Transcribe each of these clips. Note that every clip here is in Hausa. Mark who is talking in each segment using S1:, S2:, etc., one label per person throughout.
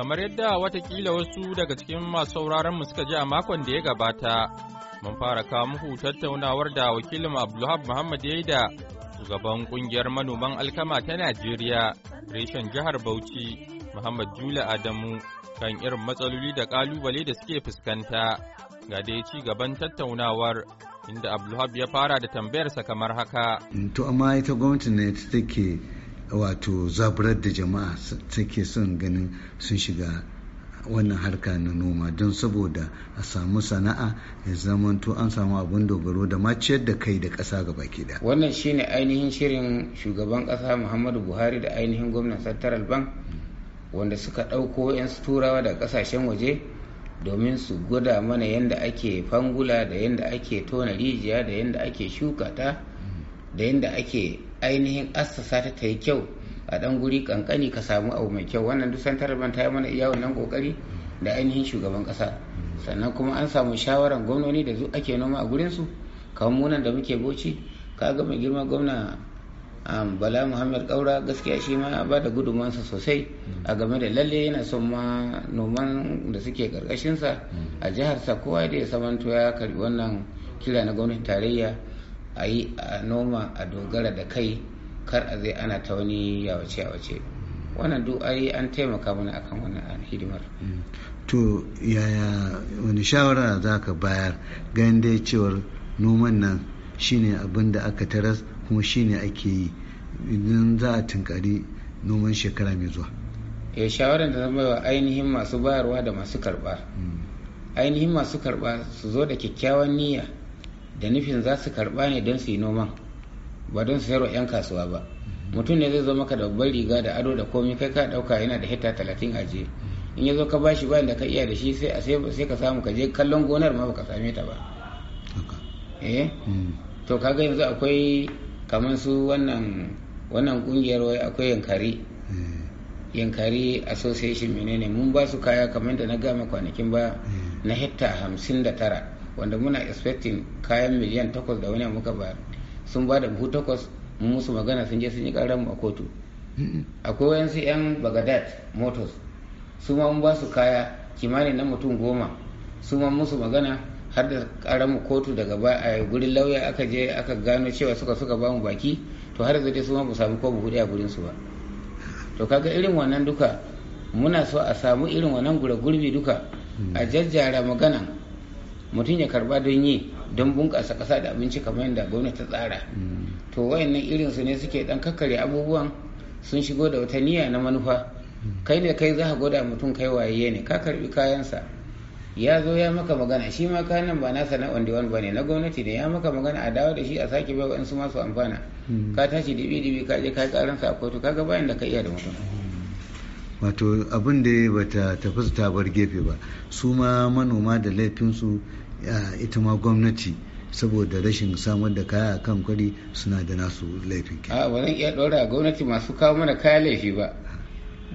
S1: Kamar yadda watakila wasu daga cikin masu sauraron mu suka ji a makon da ya gabata, mun fara kawo muku tattaunawar da wakilin Abdulhab Muhammad ya yi da shugaban kungiyar manoman alkama ta Najeriya, reshen jihar Bauchi, Muhammad Jula Adamu, kan irin matsaloli da kalubale da suke fuskanta. Ga dai ci gaban tattaunawar inda Abdulhab ya fara da tambayarsa kamar haka.
S2: To amma ita gwamnati ne take wato zaburar da jama'a take son ganin sun shiga wannan harka na noma don saboda a samu sana'a ya zamanto an samu abin dogaro da ma ciyar da kai da ƙasa gaba ke da
S3: wannan shine ainihin shirin shugaban ƙasa muhammadu buhari da ainihin gwamnan central bank wanda suka ɗauko 'yan turawa da ƙasashen waje domin su gwada mana yadda ake fangula da yadda ake tona rijiya da yadda ake shuka ta da yadda ake ainihin assasa ta ta yi kyau a dan guri kankani ka samu abu mai kyau wannan duk santar ban ta yi mana iya wannan kokari da ainihin shugaban kasa sannan kuma an samu shawaran gwamnoni da ake noma a gurin su kamar munan da muke boci kaga mai girma gwamna um, bala muhammad kaura gaskiya shi ma ba da gudunmansa sosai a game da lalle yana son ma noman da suke sa a jihar jiharsa kowa da ya samanto ya karbi wannan kira na gwamnatin tarayya a yi a noma a dogara da kai kar a zai ana ta wani yawace yawace wannan duk ai an taimaka mana akan wannan hidimar
S2: mm. to yaya wani shawara za ka bayar ganin dai cewar noman nan shine abin da aka taras kuma shine ake yi idan za a tunkari noman shekara mai zuwa
S3: ya eh, shawarar da zama baiwa ainihin masu bayarwa da masu karba mm. ainihin masu karba su zo da kyakkyawan niyya da nufin za su karba ne don su yi noman ba don su sayarwa 'yan kasuwa ba mutum ne zai zo maka da babban riga da ado da komi kai ka dauka yana da hita talatin a je in ya zo ka bashi bayan da ka iya da shi sai ka samu ka je kallon gonar ma baka same ta ba eh hmm. to kaga yanzu akwai kamar su wannan wannan kungiyar wai akwai yankari hmm. yankari association menene mun ba su kaya kamar da na gama kwanakin ba hmm. na hekta hamsin da tara wanda muna expecting kayan miliyan takwas da wani muka bayar sun ba da buhu takwas musu magana sun je sun yi karar a kotu akwai wayansu yan bagadad motors su ma mun ba su kaya kimanin na mutum goma su ma musu magana har da karar kotu daga a gurin lauya aka je aka gano cewa suka suka ba mu baki to har zai su ma ba samu ko buhu a gurin su ba to kaga irin wannan duka muna so a samu irin wannan gura gurbi duka a jajjara maganan mutum ya karba don yi don bunkasa ƙasa da abinci kamar yadda gwamnati ta tsara mm. to wayannan irin su ne suke dan kakkare abubuwan sun shigo da wata niyya na manufa mm. kai ne kai za ka gwada mutum kai waye ne ka karbi kayansa ya zo ya maka magana shi ma kayan ba nasa na wanda wani bane na gwamnati ne ya maka magana a dawo da shi a sake bai wa'insu masu amfana mm. ka tashi dibi dibi ka je ka karansa a kotu kaga bayan da ka iya da mutum
S2: wato abin da ba ta tafi ta bar gefe ba su ma manoma da laifinsu ita ma gwamnati saboda rashin samar da kaya a kan kwari suna da nasu laifin
S3: ke. a ba zan iya ɗora gwamnati masu kawo mana kaya laifi ba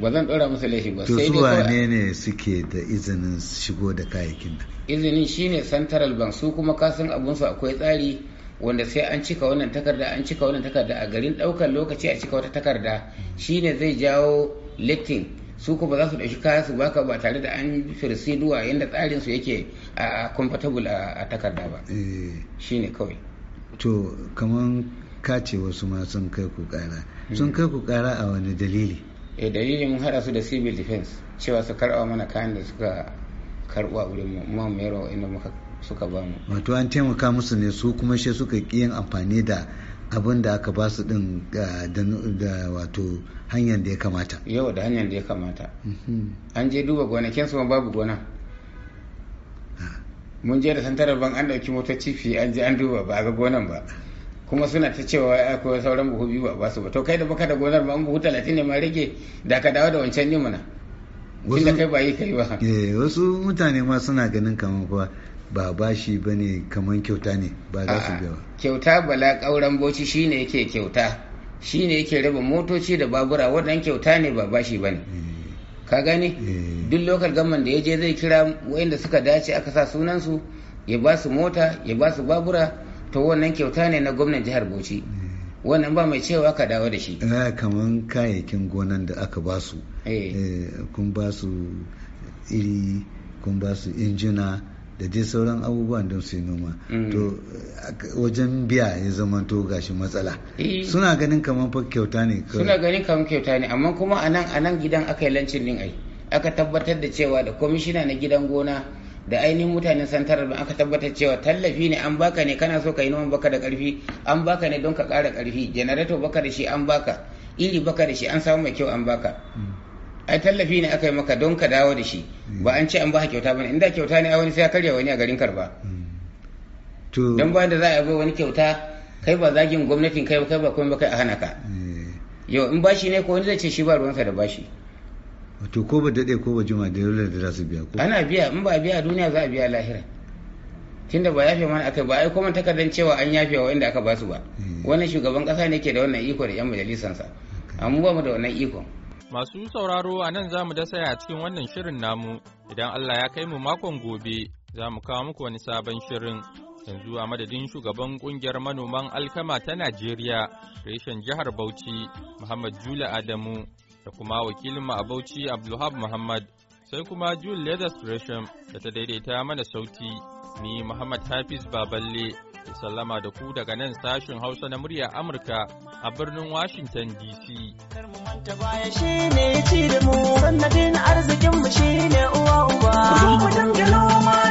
S3: ba zan ɗora musu laifi ba sai dai
S2: ne ne suke da izinin shigo da kayayyakin nan
S3: izinin shine santaral bank su kuma kasan abunsu akwai tsari wanda sai an cika wannan takarda an cika wannan takarda a garin ɗaukar lokaci a cika wata takarda shine zai jawo lectin su ko ba za su ɗauki kaya su baka ba tare da an firsi duwa yadda tsarin su yake a comfortable a takarda ba eh. ne
S2: kawai to kaman ka wasu ma sun kai ku kara sun hmm. kai ku kara a wani dalili
S3: eh dalilin mun hada su da civil defense cewa su karɓa mana kayan da suka karɓa wurin mu inda suka ba mu
S2: wato an taimaka musu ne su kuma shi suka ƙi yin amfani da abin da aka basu din da wato
S3: hanyar da ya kamata yau da hanyar da ya kamata mm-hmm. an je duba gonakin su babu gona ah. mun je da santarar ban an dauki motoci cifi an je an duba ba ga gonan ba kuma suna ta cewa akwai sauran buhu biyu ba ba su ba to kai da baka da gonar ba an buhu talatin ne ma rage da ka dawo da wancan yi mana wasu kai ba yi kai ba eh,
S2: wasu mutane ma suna ganin kamar kuwa ba bashi ba ne kamar kyauta ne ba za su biya ba
S3: kyauta bala ƙauren boci shine yake kyauta shine yake raba motoci da babura waɗannan kyauta ne ba bashi ba ne eh. ka gani eh. duk lokal gamman da ya je zai kira wayanda suka dace aka sa sunansu ya ba su mota ya ba su babura to wannan kyauta ne na gwamnan jihar bauchi eh. wannan ba mai cewa ka dawo da shi kamar kayayyakin gonan da aka ba su kun ba su iri
S2: kun ba su injina da dai sauran abubuwan don su yi noma mm. to wajen biya ya zama to gashi matsala eh. suna ganin kamar fa kyauta ne suna
S3: ganin kamar kyauta ne amma kuma a nan gidan aka yi lancin din ai aka tabbatar da cewa da kwamishina na gidan gona da ainihin mutanen santar aka tabbatar cewa tallafi ne an baka ne kana so ka yi noman baka da karfi an baka ne don ka kara karfi janarato baka da shi an baka iri baka da shi an samu mai kyau an baka mm. ai tallafi ne aka yi maka don ka dawo da shi hmm. ba an ce an ba kyauta ba inda kyauta ne a wani sai ya karya wani a garin karba
S2: hmm. don
S3: bayan da za a yi wani kyauta kai ba zagin gwamnatin kai ba kai ba kuma kai a hana ka hmm. yau in bashi ne ko wani zai ce shi ba ruwansa da bashi
S2: wato ko ba daɗe ko
S3: ba juma da dole da za su biya ko ana biya in ba a biya duniya za a biya lahira tunda ba yafe mana akai ba ai kuma takardan cewa an yafe wa inda aka ba su ba wannan shugaban kasa ne ke da wannan iko da yan majalisansa amma ba mu da wannan ikon
S1: Masu sauraro a nan za mu dasa a cikin wannan shirin namu, idan Allah ya kai mu makon gobe za mu kawo muku wani sabon shirin. Yanzu a madadin shugaban kungiyar manoman alkama ta Najeriya, reshen jihar Bauchi, Muhammad Jula Adamu, da kuma wakilinmu a Bauchi Abdulhab Muhammad, sai kuma Jule Leathers Gresham da ta daidaita mana sauti, ni Muhammad Hafiz Baballe. Ki sallama da ku daga nan sashen Hausa na murya Amurka a birnin Washington DC.
S3: arzikin mu shine uwa
S1: uba. Mu